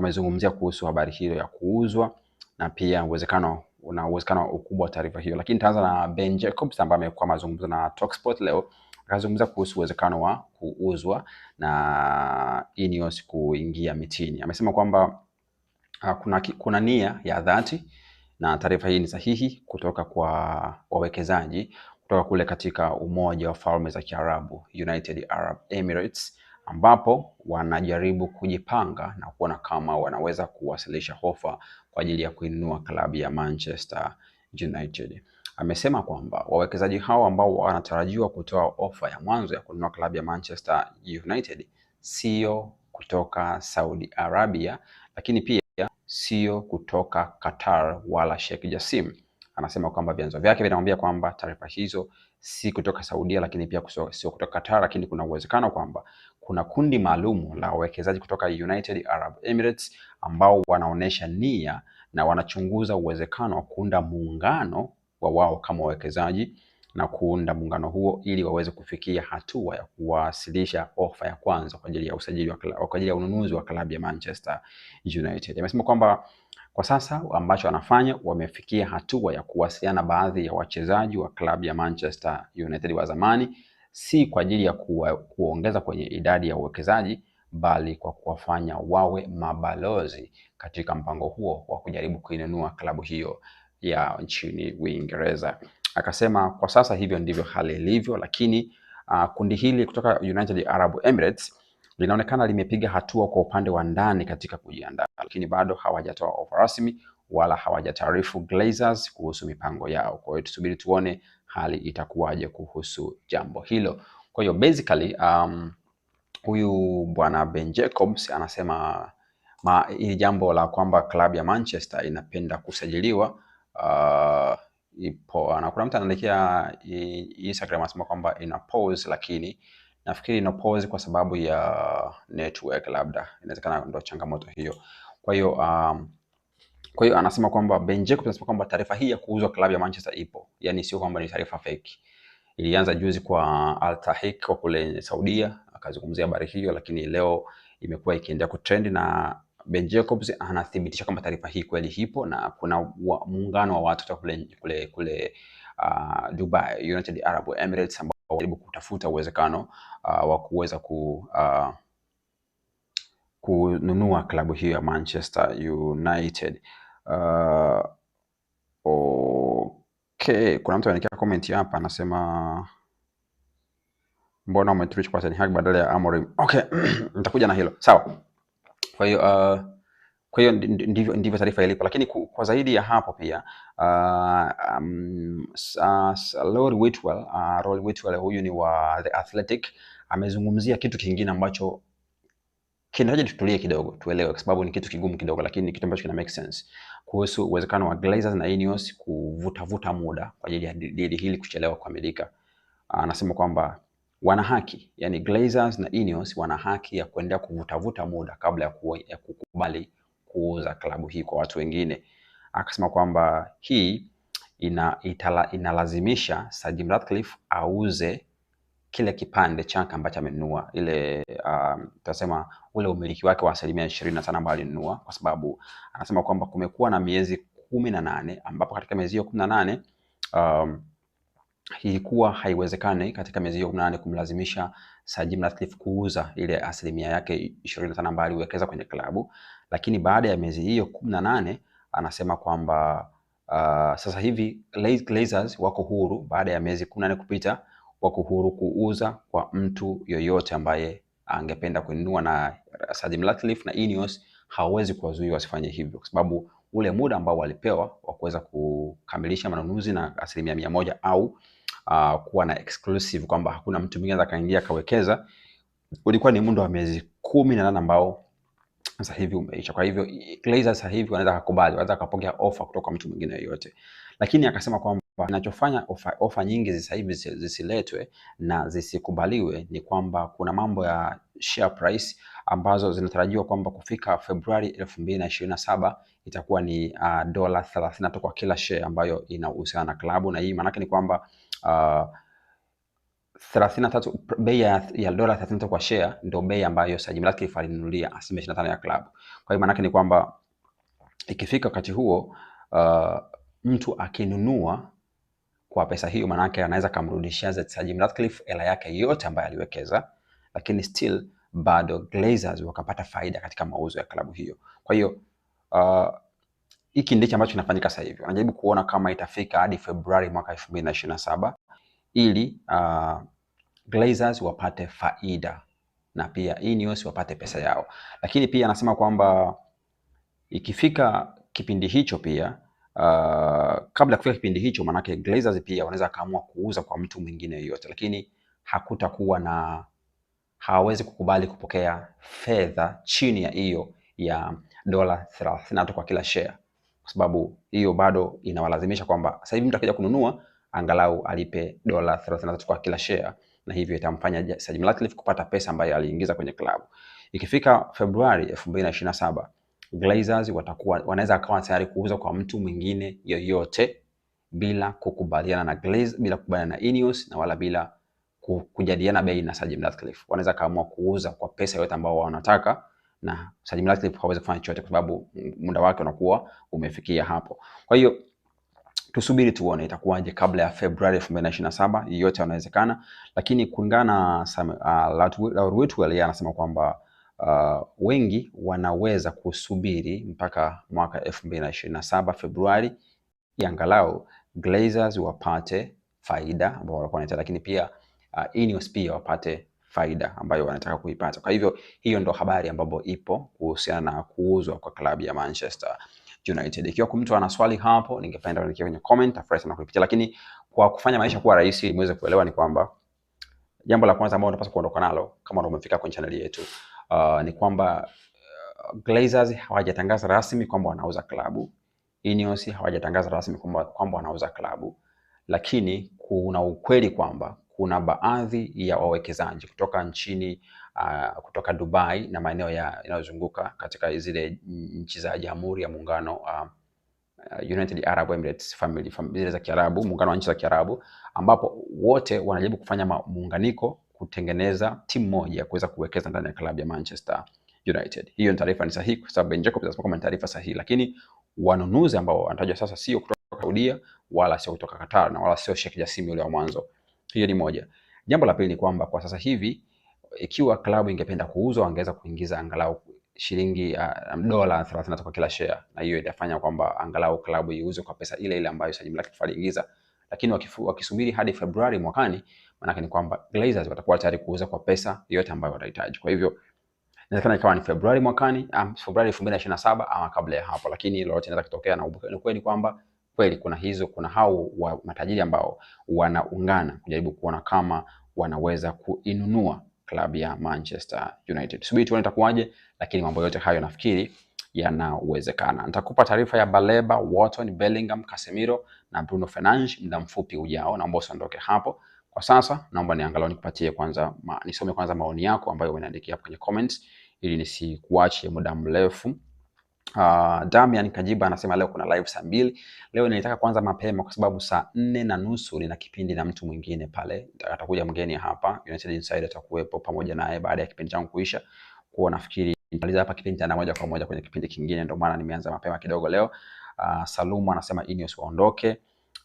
wamezungumzia kuhusu habari hiyo ya kuuzwa na pia uwezekano una uwezekano ukubwa wa taarifa hiyo, lakini taanza na Ben Jacobs ambaye amekuwa mazungumzo na Talksport leo, akazungumza kuhusu uwezekano wa kuuzwa na Ineos kuingia mitini. Amesema kwamba uh, kuna, kuna nia ya dhati na taarifa hii ni sahihi kutoka kwa wawekezaji kutoka kule katika Umoja wa Falme za Kiarabu, United Arab Emirates ambapo wanajaribu kujipanga na kuona kama wanaweza kuwasilisha ofa kwa ajili ya kuinunua klabu ya Manchester United. Amesema kwamba wawekezaji hao ambao wanatarajiwa kutoa ofa ya mwanzo ya kununua klabu ya Manchester United sio kutoka Saudi Arabia, lakini pia sio kutoka Qatar wala Sheikh Jassim. Anasema kwamba vyanzo vyake vinamwambia kwamba taarifa hizo si kutoka Saudia, lakini pia sio kutoka Qatar, lakini kuna uwezekano kwamba kuna kundi maalum la wawekezaji kutoka United Arab Emirates ambao wanaonyesha nia na wanachunguza uwezekano wa kuunda muungano wa wao kama wawekezaji na kuunda muungano huo ili waweze kufikia hatua ya kuwasilisha ofa ya kwanza kwa ajili ya usajili wa kwa ajili ya ununuzi wa klabu ya Manchester United. Amesema kwamba kwa sasa ambacho anafanya wamefikia hatua ya kuwasiliana baadhi ya wachezaji wa klabu ya Manchester United wa zamani si kwa ajili ya kuwa, kuongeza kwenye idadi ya uwekezaji bali kwa kuwafanya wawe mabalozi katika mpango huo wa kujaribu kuinunua klabu hiyo ya nchini Uingereza. Akasema kwa sasa hivyo ndivyo hali ilivyo, lakini uh, kundi hili kutoka United Arab Emirates linaonekana limepiga hatua kwa upande wa ndani katika kujiandaa, lakini bado hawajatoa ofa rasmi wala hawajataarifu Glazers kuhusu mipango yao. Kwa hiyo tusubiri tuone hali itakuwaje kuhusu jambo hilo. Kwa hiyo basically um, huyu bwana Ben Jacobs anasema ma, hili jambo la kwamba klabu ya Manchester inapenda kusajiliwa uh, ipo na kuna mtu anaandikia Instagram anasema kwamba ina pause, lakini nafikiri ina pause kwa sababu ya network, labda inawezekana ndio changamoto hiyo. Kwa hiyo um, kwa hiyo anasema kwamba Ben Jacobs anasema kwamba taarifa hii ya kuuzwa klabu ya Manchester ipo, yani sio kwamba ni taarifa fake. Ilianza juzi kwa Al Tahik kwa kule Saudia, akazungumzia habari hiyo, lakini leo imekuwa ikiendelea kutrend na Ben Jacobs anathibitisha kwamba taarifa hii kweli ipo na kuna muungano wa watu kule, kule, kule uh, Dubai United Arab Emirates ambao wanajaribu kutafuta uwezekano uh, wa kuweza ku, uh, kununua klabu hiyo ya Manchester United. Uh, okay. Kuna mtu anaandika comment hapa anasema mbona umetulish kwa Ten Hag badala ya Amorim. Okay, nitakuja na hilo. Sawa. Kwa hiyo uh, kwa hiyo ndivyo ndivyo taarifa ilipo, lakini kwa zaidi ya hapo pia uh, um, uh, Rory Whitwell, uh, Whitwell huyu ni wa The Athletic amezungumzia kitu kingine ambacho kinataja tutulie kidogo tuelewe, kwa sababu ni kitu kigumu kidogo, lakini ni kitu ambacho kina make sense kuhusu uwezekano wa Glazers na Ineos kuvutavuta muda kwa ajili ya dili hili kuchelewa kukamilika. Ah, anasema kwamba wana haki, yani Glazers na Ineos wana haki ya kuendelea kuvutavuta muda kabla ya, ku, ya kukubali kuuza klabu hii kwa watu wengine. Akasema kwamba hii ina, itala, inalazimisha Sir Jim Ratcliffe auze kile kipande chake ambacho amenunua ile um, tutasema ule umiliki wake wa asilimia ishirini na tano ambao alinunua, kwa sababu anasema kwamba kumekuwa na miezi kumi na nane ambapo katika miezi hiyo kumi na nane um, ilikuwa haiwezekani katika miezi hiyo kumi na nane kumlazimisha Sajid Latif kuuza ile asilimia yake ishirini na tano ambayo aliwekeza kwenye klabu, lakini baada ya miezi hiyo kumi na nane anasema kwamba uh, sasa hivi Glazers wako huru baada ya miezi kumi na nane kupita wa kuhuru kuuza kwa mtu yoyote ambaye angependa kuinunua, na Sadim Ratcliffe na Ineos hawawezi kuwazuia wasifanye hivyo, kwa sababu ule muda ambao walipewa wa kuweza kukamilisha manunuzi na asilimia mia moja au uh, kuwa na exclusive kwamba hakuna mtu mwingine atakayeingia akawekeza ulikuwa ni muda wa miezi kumi na nane ambao sasa hivi umeisha. Kwa hivyo Glazer sasa hivi wanaweza kukubali, wanaweza kupokea offer kutoka kwa mtu mwingine yoyote, lakini akasema kwamba Kinachofanya ofa, ofa nyingi sasa hivi zisiletwe na zisikubaliwe ni kwamba kuna mambo ya share price ambazo zinatarajiwa kwamba kufika Februari 2027 itakuwa ni uh, dola 30 tu kwa kila share ambayo inahusiana na klabu, na hii maanake ni kwamba uh, ah, 33 bei ya ya dola 33 kwa share ndio bei ambayo Sajid Mirathi Kalifa alinunulia asilimia 25 ya klabu. Kwa hiyo maanake ni kwamba ikifika wakati huo uh, mtu akinunua kwa pesa hiyo, manake anaweza akamrudishia Sir Ratcliffe hela yake yote ambayo aliwekeza, lakini still bado Glazers wakapata faida katika mauzo ya klabu hiyo. Kwa hiyo uh, hiki uh, ndicho ambacho kinafanyika sasa hivi. Wanajaribu kuona kama itafika hadi Februari mwaka 2027 ili uh, Glazers wapate faida na pia Ineos wapate pesa yao, lakini pia anasema kwamba ikifika kipindi hicho pia uh, kabla kufika kipindi hicho, maanake Glazers pia wanaweza kaamua kuuza kwa mtu mwingine yoyote, lakini hakutakuwa na hawawezi kukubali kupokea fedha chini ya hiyo ya dola 33 kwa kila share, kwa sababu hiyo bado inawalazimisha kwamba sasa hivi mtu akija kununua angalau alipe dola 33 kwa kila share, na hivyo itamfanya Sir Jim Ratcliffe kupata pesa ambayo aliingiza kwenye klabu. Ikifika Februari 2027 Glazers watakuwa wanaweza akawa tayari kuuza kwa mtu mwingine yoyote bila kukubaliana na Glaze, bila kukubaliana na Ineos na wala bila kujadiliana bei na Sir Jim Ratcliffe. Wanaweza kaamua kuuza kwa pesa yoyote ambao wanataka na Sir Jim Ratcliffe hawezi kufanya chochote kwa sababu muda wake unakuwa umefikia hapo. Kwa hiyo tusubiri tuone itakuwaje kabla ya Februari 2027, yote yanawezekana, lakini kulingana na uh, Lord Whitwell anasema kwamba uh, wengi wanaweza kusubiri mpaka mwaka elfu mbili na ishirini na saba Februari angalau Glazers wapate faida ambao walikuwa wanataka, lakini pia uh, Ineos pia wapate faida ambayo wanataka kuipata. Kwa hivyo hiyo ndo habari ambapo ipo kuhusiana na kuuzwa kwa klabu ya Manchester United. Ikiwa mtu ana swali hapo, ningependa niweke kwenye comment, tafurahi sana kuipitia. Lakini kwa kufanya maisha kuwa rahisi, muweze kuelewa ni kwamba jambo la kwanza ambalo unapaswa kuondoka nalo kama ndo umefika kwenye chaneli yetu uh, ni kwamba uh, Glazers hawajatangaza rasmi kwamba wanauza klabu. Ineos hawajatangaza rasmi kwamba wanauza klabu, lakini kuna ukweli kwamba kuna baadhi ya wawekezaji kutoka nchini uh, kutoka Dubai na maeneo yanayozunguka katika zile nchi za Jamhuri ya Muungano uh, United Arab Emirates family, family za Kiarabu, muungano wa nchi za Kiarabu ambapo wote wanajaribu kufanya muunganiko kutengeneza timu moja ya kuweza kuwekeza ndani ya klabu ya Manchester United. Hiyo ni taarifa ni sahihi kwa sababu Ben Jacobs anasema kama ni taarifa sahihi, lakini wanunuzi ambao wanatajwa sasa sio kutoka Saudia wala sio kutoka Qatar na wala sio Sheikh Jassim yule wa mwanzo. Hiyo ni moja. Jambo la pili ni kwamba kwa sasa hivi ikiwa klabu ingependa kuuzwa wangeweza kuingiza angalau shilingi uh, dola 30 kwa kila share, na hiyo itafanya kwamba angalau klabu iuzwe kwa pesa ile ile ambayo Sajid Malik Kifal aliingiza, lakini wakisubiri hadi Februari mwakani maanake ni kwamba Glazers watakuwa tayari kuuza kwa pesa yote ambayo watahitaji. Kwa hivyo inawezekana ikawa ni Februari mwakani, um, Februari 2027 ama kabla ya hapo, lakini lolote linaweza kutokea, na kweli kwamba kweli kuna hizo, kuna hao wa matajiri ambao wanaungana kujaribu kuona kama wanaweza kuinunua klabu ya Manchester United. Subiri tuone itakuwaje, lakini mambo yote hayo nafikiri yanawezekana. Nitakupa taarifa ya Baleba, Wharton, Bellingham, Casemiro na Bruno Fernandes muda mfupi ujao, naomba usiondoke hapo. Kwa sasa naomba niangalau nikupatie kwanza ma, nisome kwanza maoni yako ambayo umeniandikia kwenye comments ili nisikuache muda mrefu. Uh, Damian Kajiba anasema leo kuna live saa mbili. Leo nilitaka kwanza mapema kwa sababu saa nne na nusu nina kipindi na mtu mwingine pale, atakuja mgeni hapa, United Insider atakuwepo pamoja naye baada ya kipindi changu kuisha. Kwa nafikiri nitamaliza hapa kipindi na moja kwa moja kwenye kipindi kingine, ndio maana nimeanza mapema kidogo leo. Uh, Salumu anasema Ineos waondoke.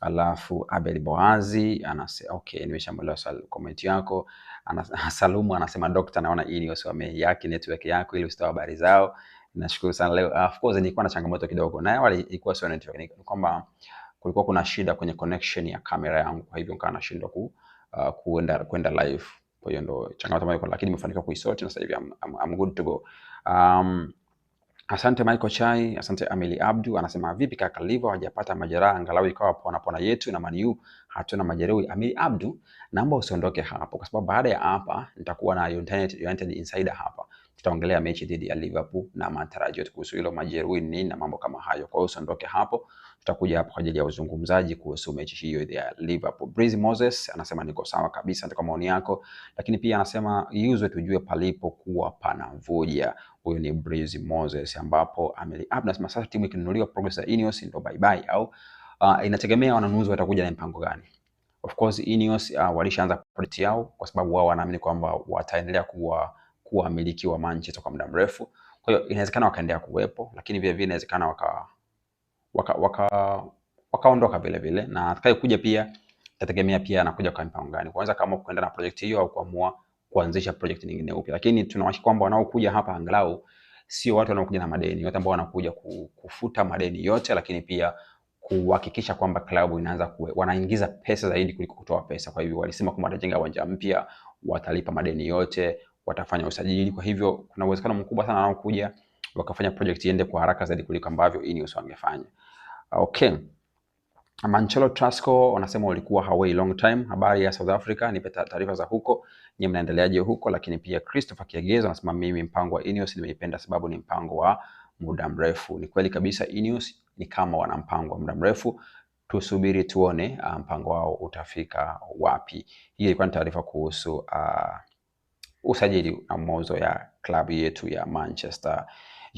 Alafu Abel Boazi anasema okay, sal comment yako. Anas, Salumu anasema doctor, naona hii ni usiwame yake network yako ili usitoe habari zao. Nashukuru sana leo. Of course nilikuwa na changamoto kidogo, na wale ilikuwa sio network, ni kwamba kulikuwa kuna shida kwenye connection ya kamera yangu, kwa hivyo nikawa nashindwa ku, uh, kuenda kwenda live. Kwa hiyo ndo changamoto ambayo, lakini nimefanikiwa kuisort na sasa hivi I'm, I'm, I'm good to go um, Asante Michael Chai, asante Amili Abdu anasema vipi kaka Liva hajapata majeraha angalau ikawa pona pona yetu na maniu hatuna majeruhi. Amili Abdu, naomba usiondoke hapo kwa sababu baada ya hapa nitakuwa na United, United Insider hapa tutaongelea mechi dhidi ya Liverpool na matarajio kuhusu hilo, majeruhi ni na mambo kama hayo. Kwa hiyo usiondoke hapo, tutakuja hapo kwa ajili ya uzungumzaji kuhusu mechi hiyo ya Liverpool. Breezy Moses anasema niko sawa kabisa, ndio maoni yako, lakini pia anasema yuzwe tujue palipo palipokuwa panavuja. Huyo ni Breezy Moses, ambapo ameli up, anasema sasa timu ikinunuliwa progress ya Ineos ndio bye bye au uh, inategemea wanunuzi watakuja na mpango gani. Of course Ineos uh, walishaanza project yao kwa sababu wao wanaamini kwamba wataendelea kuwa kuwa miliki wa Manchester kwa muda mrefu. Kwa hiyo inawezekana wakaendelea kuwepo, lakini vile vile inawezekana waka waka waka, wakaondoka vile vile, na atakayekuja pia tategemea pia anakuja kwa mpango gani, kwanza kama kuenda na project hiyo au kuamua kuanzisha project nyingine upya. Lakini tunawashi kwamba wanaokuja hapa angalau sio watu wanaokuja na madeni, watu ambao wanakuja kufuta madeni yote, lakini pia kuhakikisha kwamba klabu inaanza kuwe, wanaingiza pesa zaidi kuliko kutoa pesa. Kwa hivyo walisema kwamba watajenga uwanja mpya, watalipa madeni yote, watafanya usajili. Kwa hivyo kuna uwezekano mkubwa sana wanaokuja wakafanya project iende kwa haraka zaidi kuliko ambavyo Ineos wangefanya. Okay. Manchelo Trasco wanasema walikuwa hawai long time. Habari ya South Africa, nipe taarifa za huko, nyinyi mnaendeleaje huko? Lakini pia Christopher Kiagezo anasema mimi mpango wa Ineos nimeipenda, sababu ni mpango wa muda mrefu. Ni kweli kabisa, Ineos ni kama wana mpango wa muda mrefu, tusubiri tuone ah, mpango wao utafika wapi. Hii ilikuwa ni taarifa kuhusu uh, usajili na mauzo ya klabu yetu ya Manchester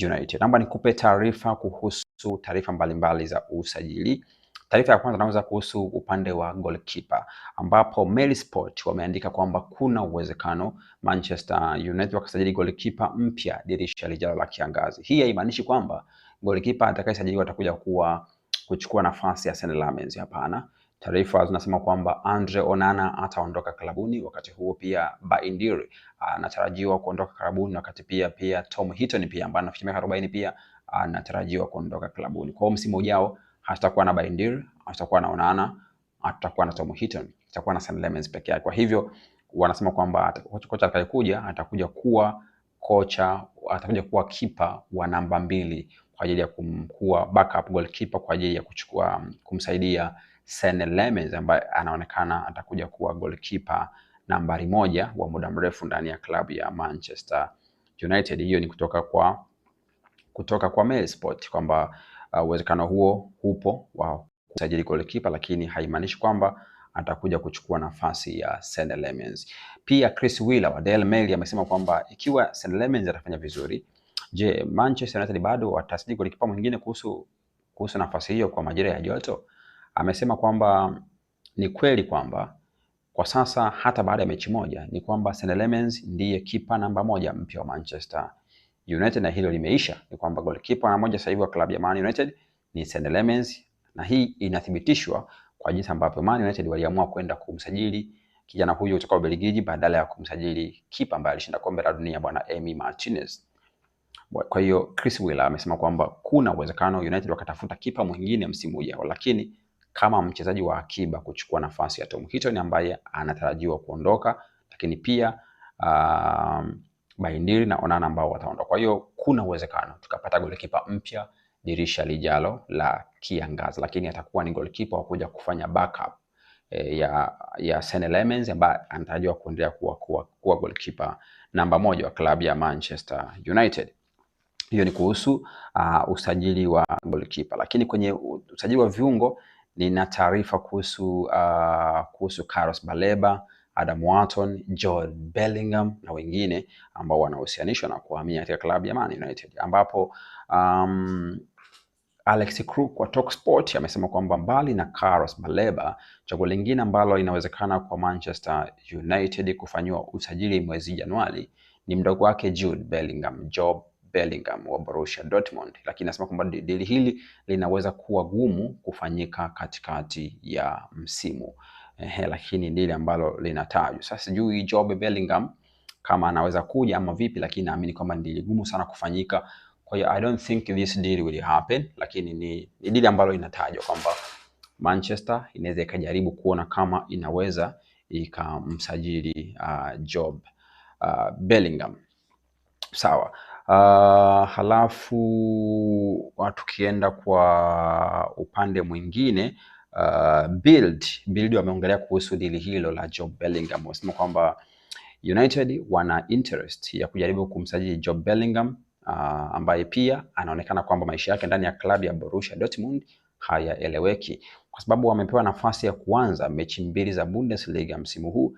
United. Naomba nikupe taarifa kuhusu taarifa mbalimbali za usajili. Taarifa ya kwanza naweza kuhusu upande wa goalkeeper ambapo Mail Sport wameandika kwamba kuna uwezekano Manchester United wakasajili goalkeeper mpya dirisha lijalo la kiangazi. Hii haimaanishi kwamba goalkeeper atakayesajiliwa atakuja kuwa kuchukua nafasi ya Senne Lammens, hapana. Taarifa zinasema kwamba Andre Onana ataondoka klabuni, wakati huo pia Baindiri anatarajiwa kuondoka klabuni, wakati pia pia Tom Heaton pia ambaye anafikia miaka 40 pia anatarajiwa kuondoka klabuni. Kwa hiyo msimu ujao hatakuwa na Baindiri, hatakuwa na Onana, hatakuwa na Tom Heaton, itakuwa na Sam Lemens peke yake. Kwa hivyo wanasema kwamba kocha atakayekuja atakuja kuwa kocha, atakuja kuwa kipa wa namba mbili kwa ajili ya kumkuwa backup goalkeeper kwa ajili ya kuchukua kumsaidia Senne ambaye anaonekana atakuja kuwa goalkeeper nambari moja wa muda mrefu ndani ya klabu ya Manchester United. Hiyo ni kutoka kwa kutoka kwa Mail Sport kwamba uh, uwezekano uh, huo upo wa kusajili goalkeeper, lakini haimaanishi kwamba atakuja kuchukua nafasi ya Senne Pia Chris Wheeler wa Daily Mail amesema kwamba ikiwa Senne atafanya vizuri, je, Manchester United bado watasajili goalkeeper mwingine kuhusu kuhusu nafasi hiyo kwa majira ya joto? amesema kwamba ni kweli kwamba kwa sasa hata baada ya mechi moja ni kwamba Senne Lammens ndiye kipa namba moja mpya wa Manchester United na hilo limeisha. Ni kwamba goalkeeper namba moja sasa hivi wa klabu ya Man United ni Senne Lammens, na hii inathibitishwa kwa jinsi ambavyo Man United waliamua kwenda kumsajili kijana huyo kutoka Ubelgiji badala ya kumsajili kipa ambaye alishinda kombe la dunia bwana Emi Martinez. Kwa hiyo Chris Wilder amesema kwamba kuna uwezekano United wakatafuta kipa mwingine msimu ujao, lakini kama mchezaji wa akiba kuchukua nafasi ya Tom Heaton ambaye anatarajiwa kuondoka, lakini pia uh, ah, Baindiri na Onana ambao wataondoka. Kwa hiyo kuna uwezekano tukapata golikipa mpya dirisha lijalo la kiangazi, lakini atakuwa ni golikipa wa kuja kufanya backup e, ya ya Senne Lammens ambaye anatarajiwa kuendelea kuwa, kuwa, kuwa golikipa namba moja wa klabu ya Manchester United. Hiyo ni kuhusu uh, usajili wa golikipa, lakini kwenye usajili wa viungo nina taarifa kuhusu uh, kuhusu Carlos Baleba, Adam Wharton, Jude Bellingham na wengine ambao wanahusianishwa na kuhamia katika klabu ya Man United ambapo um, Alex Crook kwa Talk Sport amesema kwamba mbali na Carlos Baleba, chaguo lingine ambalo linawezekana kwa Manchester United kufanyiwa usajili mwezi Januari ni mdogo wake Jude Bellingham, Job Bellingham wa Borussia Dortmund, lakini nasema kwamba dili hili linaweza kuwa gumu kufanyika katikati ya msimu Ehe, lakini dili ambalo linatajwa sasa. Sijui Job Bellingham kama anaweza kuja ama vipi, lakini naamini kwamba ni dili gumu sana kufanyika. Kwa hiyo I don't think this deal will happen, lakini ni, ni dili ambalo inatajwa kwamba Manchester inaweza ikajaribu kuona kama inaweza ikamsajili uh, Job uh, Bellingham. Sawa. Uh, halafu ah, tukienda kwa upande mwingine uh, ah, build build wameongelea kuhusu dili hilo la Job Bellingham, wasema kwamba United wana interest ya kujaribu kumsajili Job Bellingham uh, ambaye pia anaonekana kwamba maisha yake ndani ya klabu ya Borussia Dortmund hayaeleweki kwa sababu wamepewa nafasi ya kuanza mechi mbili za Bundesliga msimu huu,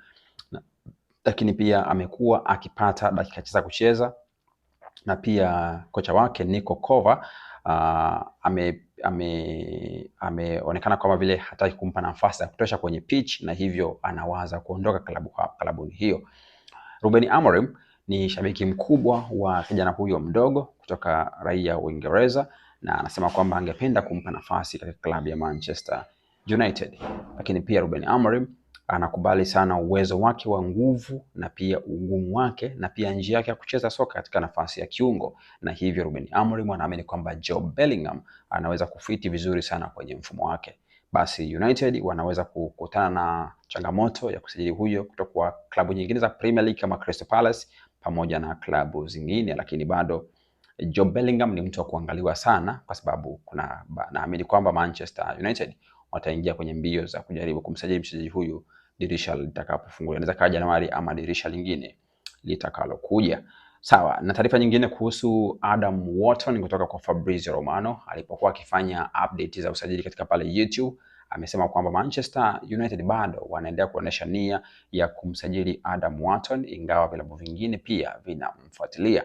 lakini pia amekuwa akipata dakika za kucheza na pia kocha wake Niko Kova uh, ame ameonekana ame kama vile hataki kumpa nafasi ya kutosha kwenye pitch na hivyo anawaza kuondoka klabu klabuni hiyo. Ruben Amorim ni shabiki mkubwa wa kijana huyo mdogo kutoka raia wa Uingereza na anasema kwamba angependa kumpa nafasi katika klabu ya Manchester United, lakini pia Ruben Amorim anakubali sana uwezo wake wa nguvu na pia ugumu wake na pia njia yake ya kucheza soka katika nafasi ya kiungo, na hivyo Ruben Amorim anaamini kwamba Joe Bellingham anaweza kufiti vizuri sana kwenye mfumo wake. Basi United wanaweza kukutana na changamoto ya kusajili huyo kutoka kwa klabu nyingine za Premier League kama Crystal Palace pamoja na klabu zingine, lakini bado Joe Bellingham ni mtu wa kuangaliwa sana, kwa sababu kuna naamini kwamba Manchester United wataingia kwenye mbio za kujaribu kumsajili mchezaji huyu dirisha litakapofunguliwa, inaweza kaja Januari ama dirisha lingine litakalokuja. Sawa, na taarifa nyingine kuhusu Adam Wharton kutoka kwa Fabrizio Romano alipokuwa akifanya update za usajili katika pale YouTube, amesema kwamba Manchester United bado wanaendelea kuonesha nia ya kumsajili Adam Wharton ingawa vilabu vingine pia vinamfuatilia.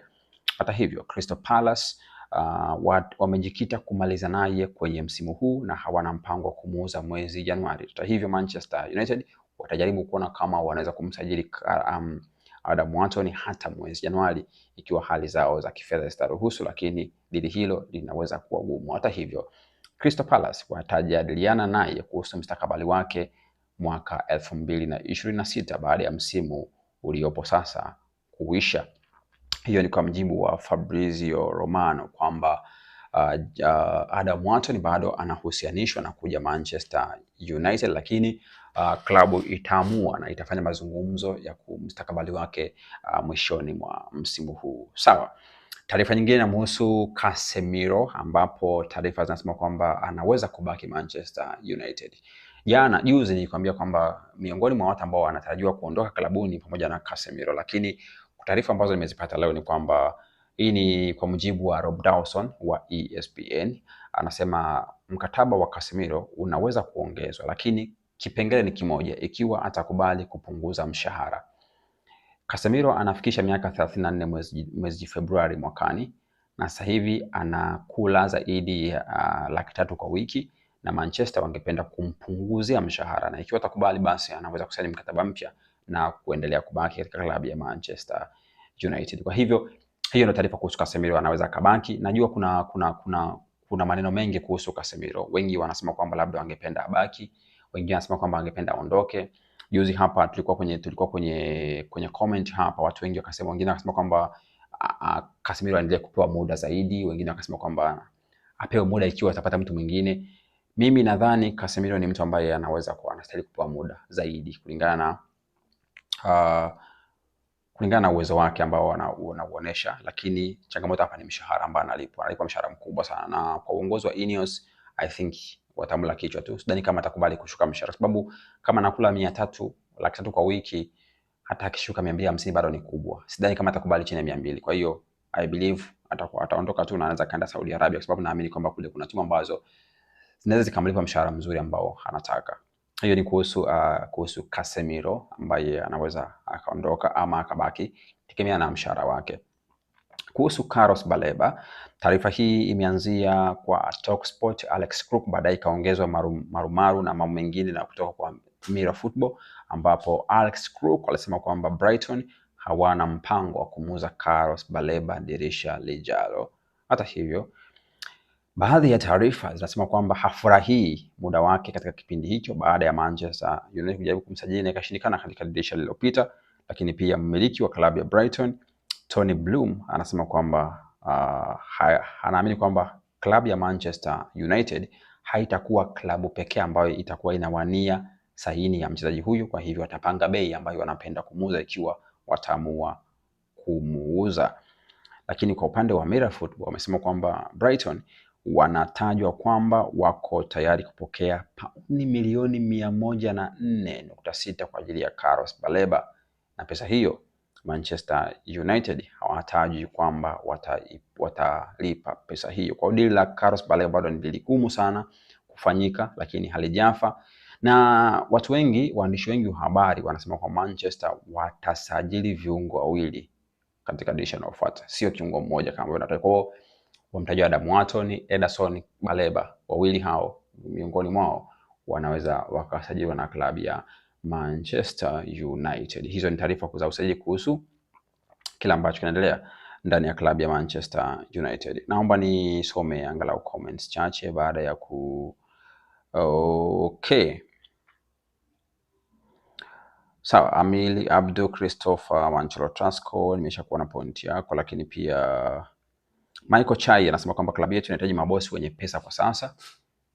Hata hivyo, Crystal Palace uh, wamejikita kumaliza naye kwenye msimu huu na hawana mpango wa kumuuza mwezi Januari. Hata hivyo, Manchester United watajaribu kuona kama wanaweza kumsajili um, Adam Watson hata mwezi Januari ikiwa hali zao za kifedha zitaruhusu, lakini dili hilo linaweza kuwa gumu. Hata hivyo, Crystal Palace watajadiliana naye kuhusu mstakabali wake mwaka elfu mbili na ishirini na sita baada ya msimu uliopo sasa kuisha. Hiyo ni kwa mjibu wa Fabrizio Romano kwamba uh, uh, Adam Watson bado anahusianishwa na kuja Manchester United lakini uh, klabu itaamua na itafanya mazungumzo ya kumstakabali wake uh, mwishoni mwa msimu huu. Sawa. Taarifa nyingine inamhusu Casemiro ambapo taarifa zinasema kwamba anaweza kubaki Manchester United. Jana juzi nilikwambia kwamba miongoni mwa watu ambao wanatarajiwa kuondoka klabuni pamoja na Casemiro, lakini taarifa ambazo nimezipata leo ni kwamba hii ni kwa mujibu wa Rob Dawson wa ESPN, anasema mkataba wa Casemiro unaweza kuongezwa, lakini Kipengele ni kimoja, ikiwa atakubali kupunguza mshahara. Casemiro anafikisha miaka 34 mwezi, mwezi Februari mwakani na sasa hivi anakula zaidi ya uh, laki tatu kwa wiki na Manchester wangependa kumpunguzia mshahara, na ikiwa atakubali, basi anaweza kusaini mkataba mpya na kuendelea kubaki katika klabu ya Manchester United. Kwa hivyo hiyo ndio taarifa kuhusu Casemiro, anaweza kabaki. Najua kuna, kuna, kuna, kuna maneno mengi kuhusu Casemiro, wengi wanasema kwamba labda wangependa abaki wengine wanasema kwamba angependa aondoke. Juzi hapa tulikuwa kwenye tulikuwa kwenye kwenye comment hapa, watu wengi wakasema, wengine wakasema kwamba Casemiro aendelee kupewa muda zaidi, wengine wakasema kwamba apewe muda ikiwa atapata mtu mwingine. Mimi nadhani Casemiro ni mtu ambaye anaweza kuwa anastahili kupewa muda zaidi kulingana na uh, kulingana na uwezo wake ambao wanauonesha, lakini changamoto hapa ni mshahara ambao analipwa, analipwa mshahara mkubwa sana, na kwa uongozi wa Ineos I think watamla kichwa tu. Sidhani kama atakubali kushuka mshahara, sababu kama nakula mia tatu laki tatu kwa wiki, hata akishuka mia mbili hamsini bado ni kubwa. Sidhani kama atakubali chini ya mia mbili. Kwa hiyo I believe ataondoka tu na anaweza kaenda Saudi Arabia, kwa sababu naamini kwamba kule kuna timu ambazo zinaweza zikamlipa mshahara mzuri ambao anataka. Hiyo ni kuhusu uh, kuhusu Casemiro ambaye anaweza akaondoka ama akabaki, tegemea na mshahara wake. Kuhusu Carlos Baleba, taarifa hii imeanzia kwa Talksport, Alex Crook, baadaye ikaongezwa marumaru maru na mambo mengine na kutoka kwa Mira Football, ambapo Alex Crook alisema kwamba Brighton hawana mpango wa kumuuza Carlos Baleba dirisha lijalo. Hata hivyo, baadhi ya taarifa zinasema kwamba hafurahii muda wake katika kipindi hicho baada ya Manchester United kujaribu kumsajili na ikashindikana katika dirisha lililopita, lakini pia mmiliki wa klabu ya Brighton Tony Bloom anasema kwamba uh, anaamini kwamba klabu ya Manchester United haitakuwa klabu pekee ambayo itakuwa inawania saini ya mchezaji huyu. Kwa hivyo watapanga bei ambayo wanapenda kumuuza ikiwa wataamua kumuuza. Lakini kwa upande wa Mirror Football wamesema kwamba Brighton wanatajwa kwamba wako tayari kupokea pauni milioni mia moja na nne nukta sita kwa ajili ya Carlos Baleba na pesa hiyo Manchester United hawataji kwamba watalipa wata pesa hiyo. Kwa dili la Carlos Baleo bado ni dili gumu sana kufanyika, lakini halijafa na watu wengi, waandishi wengi wa habari wanasema kwa Manchester watasajili viungo wawili katika dirisha linalofuata, sio kiungo mmoja kama ambavyo nataka. Kwa hiyo wamtaja Adam Wharton, Ederson Baleba, wawili hao miongoni mwao wanaweza wakasajiliwa na klabu ya Manchester United. Hizo ni taarifa za usajili kuhusu kila ambacho kinaendelea ndani ya klabu ya Manchester United. Naomba nisome angalau comments chache baada ya ku okay. Sawa, Amili Abdu Christopher Wancholo Trasco, nimesha na point yako, lakini pia Michael Chai anasema kwamba klabu yetu inahitaji mabosi wenye pesa kwa sasa,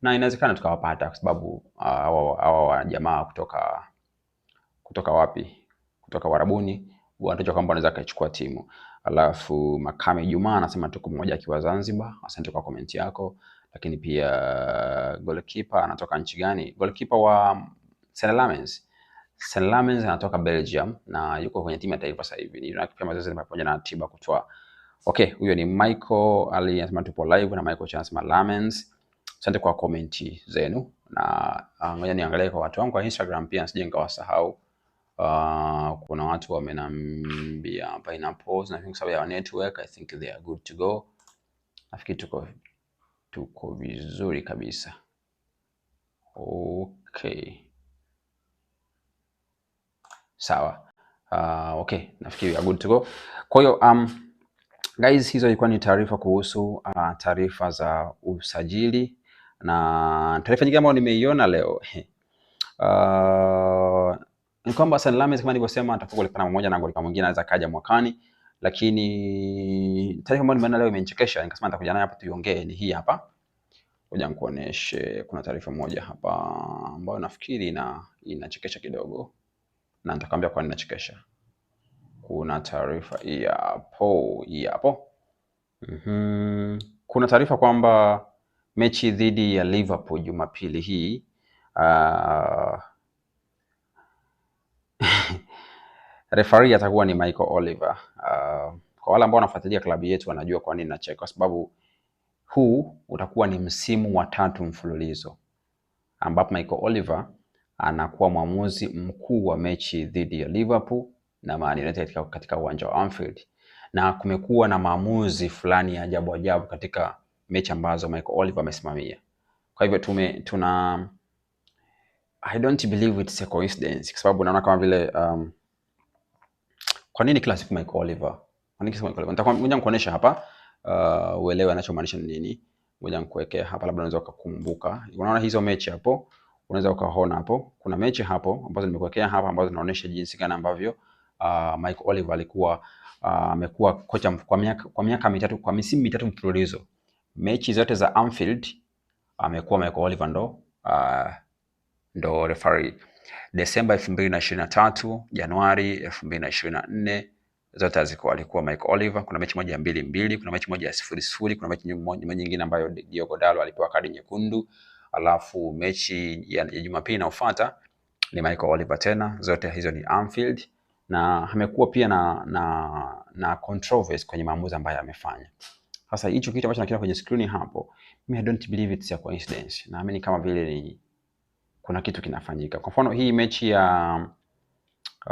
na inawezekana tukawapata kwa sababu ah, hawa uh, jamaa kutoka kutoka wapi? Kutoka Warabuni, wanatoka kwamba wanaweza kuchukua timu. Alafu Makame Juma anasema tuko mmoja akiwa Zanzibar. Asante kwa komenti yako. Lakini pia goalkeeper anatoka nchi gani? Goalkeeper wa St. Lamens. St. Lamens anatoka Belgium na yuko kwenye timu ya taifa sasa hivi. Ni pia mazoezi pamoja na tiba kutoa. Okay, huyo ni Michael Ali anasema tupo live na Michael Chan anasema Lamens. Asante kwa komenti zenu na ah, ngoja niangalie kwa watu wangu wa Instagram pia sije nikawasahau. Uh, kuna watu wamenambia hapa ina pause na kwa sababu ya network I think they are good to go. Nafikiri tuko tuko vizuri kabisa. Okay. Sawa. Uh, okay, nafikiri we are good to go. Kwa hiyo um, guys, hizo ilikuwa ni taarifa kuhusu uh, taarifa za usajili na taarifa nyingine ambayo nimeiona leo uh, ni kwamba Hassan Lammers kama nilivyosema atakuwa golipana mmoja na golipa mwingine anaweza kaja mwakani, lakini taarifa ambayo nimeona leo imenichekesha, nikasema nitakuja naye hapa tuiongee, ni hii hapa. Ngoja nikuoneshe, kuna taarifa moja hapa ambayo nafikiri ina inachekesha kidogo, na nitakwambia kwa nini inachekesha. Kuna taarifa hii hapo, hii hapo. Mm-hmm. Kuna taarifa kwamba mechi dhidi ya Liverpool Jumapili hii uh, referee atakuwa ni Michael Oliver. Uh, kwa wale ambao wanafuatilia klabu yetu wanajua kwa nini nacheka, kwa sababu huu utakuwa ni msimu wa tatu mfululizo ambapo Michael Oliver anakuwa mwamuzi mkuu wa mechi dhidi ya Liverpool na Man United katika uwanja wa Anfield, na kumekuwa na maamuzi fulani ya ajabu ajabu katika mechi ambazo Michael Oliver amesimamia. Kwa hivyo tume tuna I don't believe it's a coincidence kwa sababu naona kama vile um, kwa nini kila siku Mike Oliver? Kwa nini siku Mike Oliver? Nitakwambia nikuonesha hapa uh, uelewe anachomaanisha ni nini. Ngoja nikuwekea hapa, labda unaweza ukakumbuka. Unaona hizo mechi hapo, unaweza ukaona hapo, kuna mechi hapo ambazo nimekuwekea hapa ambazo zinaonyesha jinsi gani ambavyo uh, Mike Oliver alikuwa uh, amekuwa uh, kocha kwa miaka kwa miaka mitatu kwa misimu mitatu mfululizo. Mechi zote za Anfield amekuwa uh, Mike Oliver ndo uh, ndo refari. Desemba 2023, Januari 2024 zote ziko alikuwa Mike Oliver. Kuna mechi moja ya mbili mbili, kuna mechi moja ya sifuri sifuri, kuna mechi moja nyingine ambayo Diogo Dalo alipewa kadi nyekundu, alafu mechi ya ya Jumapili inayofuata ni Mike Oliver tena, zote hizo ni Anfield, na amekuwa pia na, na, na controversy kwenye maamuzi ambayo amefanya. Sasa hicho kitu ambacho nakiona kwenye screen hapo, mimi I don't believe it's a coincidence. Naamini kama vile ni kuna kitu kinafanyika. Kwa mfano hii mechi ya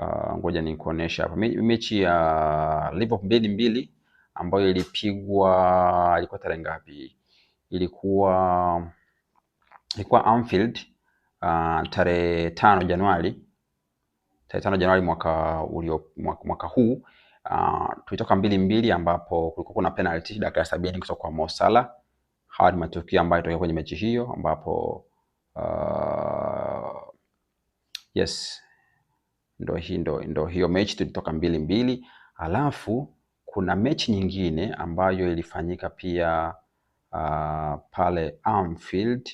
uh, ngoja nikuonesha hapa mechi ya Liverpool mbili mbili ambayo ilipigwa, ilikuwa tarehe ngapi? Ilikuwa ilikuwa Anfield uh, tarehe tano Januari tarehe tano Januari mwaka ulio mwaka huu uh, tulitoka mbili mbili ambapo kulikuwa kuna penalty dakika sabini kutoka kwa Mo Salah. Haya ni matukio ambayo yatokea kwenye mechi hiyo ambapo uh, Yes, ndo, hii ndo, ndo hiyo mechi tulitoka mbili mbili, alafu kuna mechi nyingine ambayo ilifanyika pia uh, pale Anfield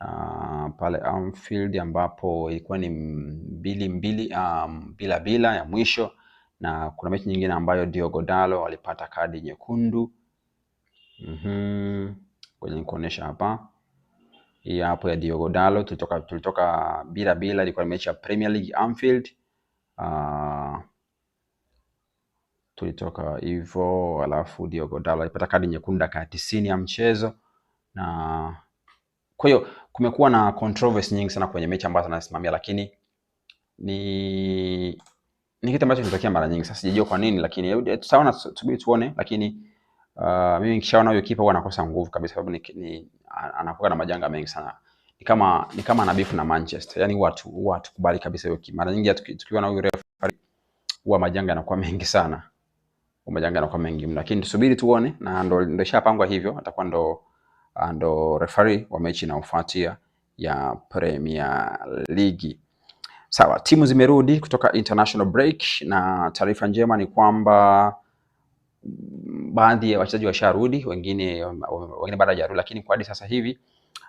uh, pale Anfield ambapo ilikuwa ni mbili mbili um, bila bila ya mwisho, na kuna mechi nyingine ambayo Diogo Dalo alipata kadi nyekundu. mm -hmm. Kwenye nikuonyesha hapa hiyo hapo ya Diogo Dalo. Tulitoka, tulitoka bila bila, ilikuwa mechi ya Premier League Anfield. Uh, tulitoka hivyo, alafu Diogo Dalo alipata kadi nyekundu dakika ya tisini ya mchezo, na kwa hiyo kumekuwa na controversy nyingi sana kwenye mechi ambazo anasimamia, lakini ni ni kitu ambacho kinatokea mara nyingi. Sasa sijajua kwa nini, lakini eh, eh, tutaona, subiri tuone. Lakini uh, mimi nikishaona huyo kipa huwa nakosa nguvu kabisa, sababu ni, ni anakuwa na majanga mengi sana. Ni kama ni kama na beef na Manchester. Yaani watu huwa hatukubali kabisa hiyo kitu. Mara nyingi tukiwa na huyu refa huwa majanga yanakuwa mengi sana. Huwa majanga yanakuwa mengi, lakini tusubiri tuone na ndo ndo ishapangwa hivyo atakuwa ndo ndo referee wa mechi inayofuatia ya Premier League. Sawa, timu zimerudi kutoka international break na taarifa njema ni kwamba baadhi ya wachezaji washarudi, wengine wengine bado hawajarudi, lakini kwa hadi sasa hivi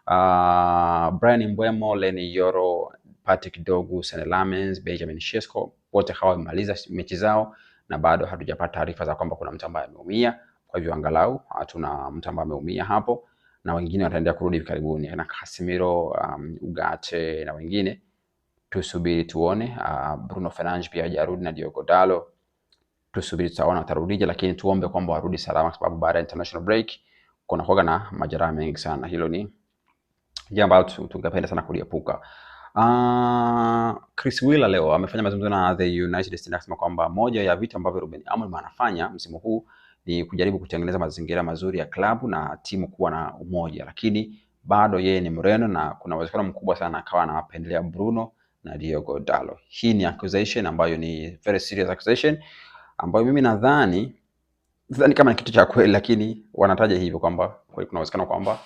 uh, Brian Mbwemo, Leny Yoro, Patrick Dogu, Senne Lammens, Benjamin Sesko wote hawa wamemaliza mechi zao na bado hatujapata taarifa za kwamba kuna mtu ambaye ameumia. Kwa hivyo angalau hatuna mtu ambaye ameumia hapo, na wengine wataendelea kurudi hivi karibuni, na Casemiro, um, Ugarte na wengine, tusubiri tuone. Uh, Bruno Fernandes pia hajarudi na Diogo Dalot tusubiri, tutaona watarudije, lakini tuombe kwamba warudi salama, kwa sababu baada ya international break kuna kuwaga na majeraha mengi sana. Hilo ni jambo ambalo tungependa sana kuliepuka. Uh, Chris Wheeler leo amefanya mazungumzo na The United Stand akisema kwamba moja ya vitu ambavyo Ruben Amorim anafanya msimu huu ni kujaribu kutengeneza mazingira mazuri ya klabu na timu kuwa na umoja, lakini bado yeye ni Mreno na kuna uwezekano mkubwa sana akawa anawapendelea Bruno na Diogo Dalo. Hii ni accusation ambayo ni very serious accusation ambayo mimi nadhani sidhani kama ni kitu cha kweli, lakini wanataja hivyo kwamba kuna uwezekano kwamba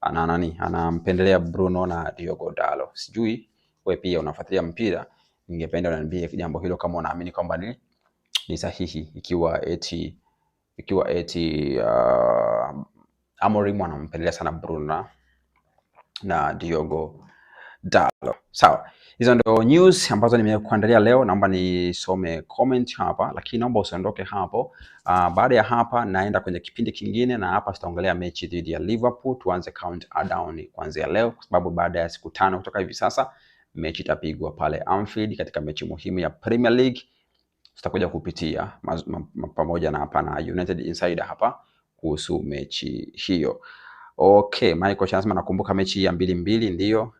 ana nani anampendelea Bruno na Diogo Dalo. Sijui wewe pia unafuatilia mpira, ningependa unaniambie jambo hilo kama unaamini kwamba ni ni sahihi, ikiwa eti ikiwa eti uh, Amorim anampendelea sana Bruno na Diogo Dalo. Sawa. Hizo ndo news ambazo nimekuandalia leo. Naomba nisome comment hapa, lakini naomba usiondoke hapo. Uh, baada ya hapa naenda kwenye kipindi kingine, na hapa tutaongelea mechi dhidi ya Liverpool. Tuanze count down kuanzia leo, kwa sababu baada ya siku tano kutoka hivi sasa mechi itapigwa pale Anfield, katika mechi muhimu ya Premier League. Tutakuja kupitia pamoja na hapa na United Insider hapa kuhusu mechi hiyo. Okay, Michael Chansma, nakumbuka mechi ya mbili mbili ndiyo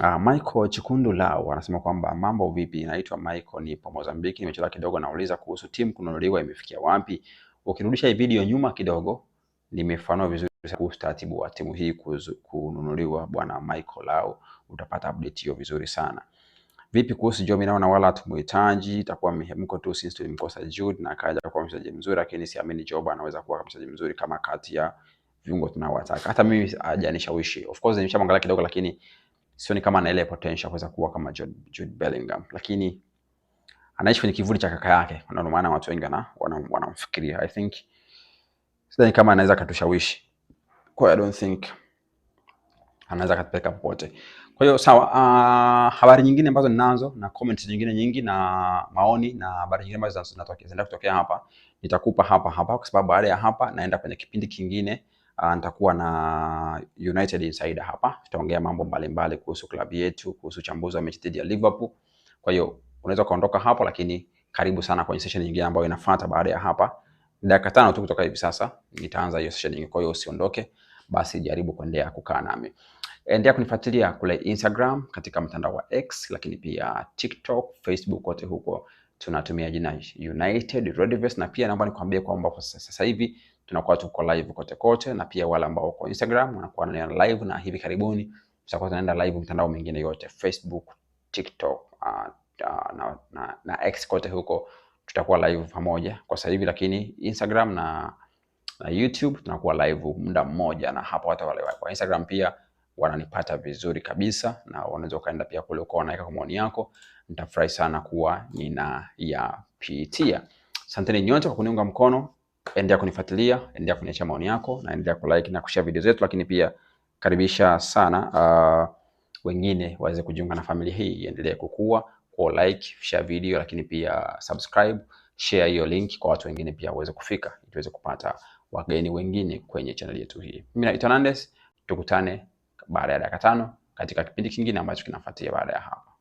Uh, Michael Chikundu Lao anasema kwamba mambo vipi, naitwa Michael, nipo Mozambiki, nimechora kidogo, nauliza kuhusu timu kununuliwa imefikia wapi. Ukirudisha hii video nyuma kidogo, nimefanua vizuri kuhusu taratibu wa timu hii kununuliwa. Bwana Michael Lao, utapata update hiyo vizuri sana. Vipi kuhusu Jomi? Naona wala tumuhitaji, itakuwa mihemko tu, sisi tulimkosa Jude na akaja kuwa mchezaji mzuri, lakini siamini Job anaweza kuwa mchezaji mzuri kama kati ya viungo tunawataka. Hata mimi hajanishawishi, of course nimeshamwangalia kidogo, lakini sioni kama ana ile potential kuweza kuwa kama Jude Bellingham, lakini anaishi kwenye kivuli cha kaka yake, na ndio maana watu wengi wanamfikiria. I think sidhani kama anaweza katushawishi, kwa hiyo I don't think anaweza katupeleka popote. Kwa hiyo sawa. Uh, habari nyingine ambazo ninazo na comments nyingine nyingi na maoni na habari nyingine ambazo zinatokea zinaenda kutokea hapa nitakupa hapa hapa, kwa sababu baada ya hapa naenda kwenye kipindi kingine. Uh, nitakuwa na United Insider hapa, tutaongea mambo mbalimbali kuhusu klabu yetu, kuhusu uchambuzi wa mechi dhidi ya Liverpool. Kwa hiyo unaweza ukaondoka hapo, lakini karibu sana kwenye session nyingine ambayo inafuata baada ya hapa. Dakika tano tu kutoka hivi sasa nitaanza hiyo session nyingine, kwa hiyo usiondoke, basi jaribu kuendelea kukaa nami. Endelea kunifuatilia kule Instagram, katika mtandao wa X, lakini pia TikTok, Facebook, kote huko tunatumia jina United Redverse, na pia naomba nikwambie kwamba kwa sasa hivi tunakuwa tuko live kote kote, na pia wale ambao wako Instagram wanakuwa na live, na hivi karibuni tutakuwa tunaenda live mitandao mingine yote Facebook, TikTok uh, uh, na, na, na X kote huko tutakuwa live pamoja kwa sasa hivi, lakini Instagram na, na YouTube tunakuwa live muda mmoja, na hapo hata wale wako Instagram pia wananipata vizuri kabisa, na wanaweza ukaenda pia kule uko wanaweka kwa maoni yako, nitafurahi sana kuwa ninayapitia. Asanteni nyote kwa kuniunga mkono endelea kunifuatilia, endelea kuniacha maoni yako na endelea kulike na kushare video zetu, lakini pia karibisha sana uh, wengine waweze kujiunga na familia hii iendelee kukua kwa like, share video, lakini pia subscribe, share hiyo link kwa watu wengine pia waweze kufika ili tuweze kupata wageni wengine kwenye channel yetu hii. Mimi naitwa Nandes, tukutane baada ya dakika tano katika kipindi kingine ambacho kinafuatia baada ya hapa.